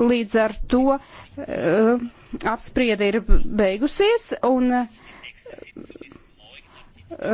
Līdz ar to uh, apspriede ir beigusies un uh,